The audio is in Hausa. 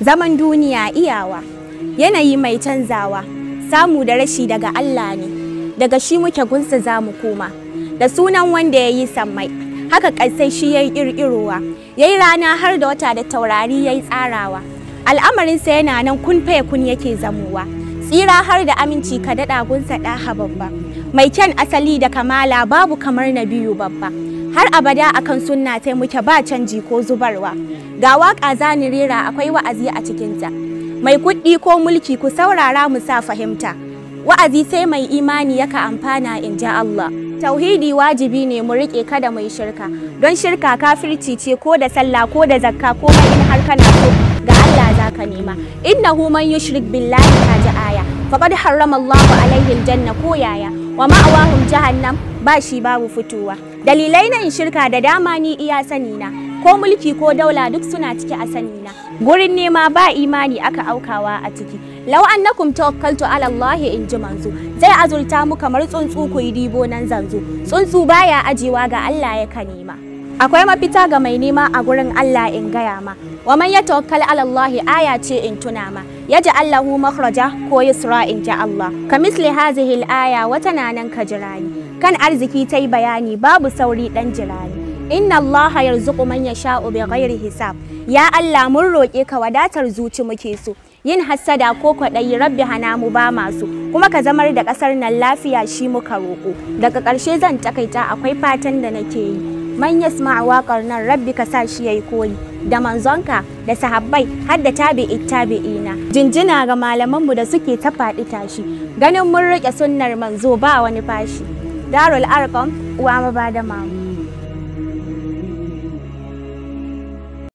zaman duniya iyawa yanayi mai canzawa samu da rashi daga Allah ne daga shi muke gunsa za mu koma da sunan wanda ya yi sammai haka ƙarsai shi ya yi ƙirƙirowa ya yi rana har da wata da taurari ya yi tsarawa al'amarinsa yana nan kun faya kun yake zamowa tsira har da aminci ka daɗa gunsa ɗa babba mai kyan asali da kamala babu kamar na biyu babba har abada akan sunna ta muke ba canji ko zubarwa ga waka zani rera akwai wa'azi a cikinta mai kuɗi ko mulki ku saurara mu sa fahimta wa'azi sai mai imani yaka amfana in ji Allah tauhidi wajibi ne mu rike kada mai shirka don shirka kafirci ce ko da sallah ko da zakka ko in har kana so ga Allah zaka nema innahu man yushrik billahi ji aya faqad harrama Allahu alaihi aljanna ko yaya wa ma'awahum jahannam ba shi babu fitowa dalilai na in shirka da dama ni iya sani na ko mulki ko daula duk suna ciki a sani na gurin nema ba imani aka aukawa a ciki law annakum tawakkaltu ala in ji manzo zai azurta mu kamar tsuntsu ku yi dibo nan zanzo tsuntsu baya ajewa ga Allah ya ka nema akwai mafita ga mai nema a gurin Allah in gaya ma wa man yatawakkal ala alallahi aya ce in tuna ma yaji Allahu makhraja ko yusra in ja Allah kamisli hadhihi al-aya nanan ka kajirani kan arziki ta yi bayani babu sauri dan jirani inna Allah yarzuqu man bai gairi hisab ya Allah mun roƙe ka wadatar zuci muke so yin hassada ko kwaɗayi rabbi hana mu ba masu kuma ka zamar da ƙasar nan lafiya shi muka roƙo daga ƙarshe zan takaita akwai fatan da nake yi man a waƙar nan rabbi ka sa shi ya yi koyi da manzonka da sahabbai har da tabi'i tabi'ina jinjina ga malamanmu da suke ta faɗi tashi ganin mun riƙe sunnar manzo ba wani fashi دارو الأرقم وعم بعد مام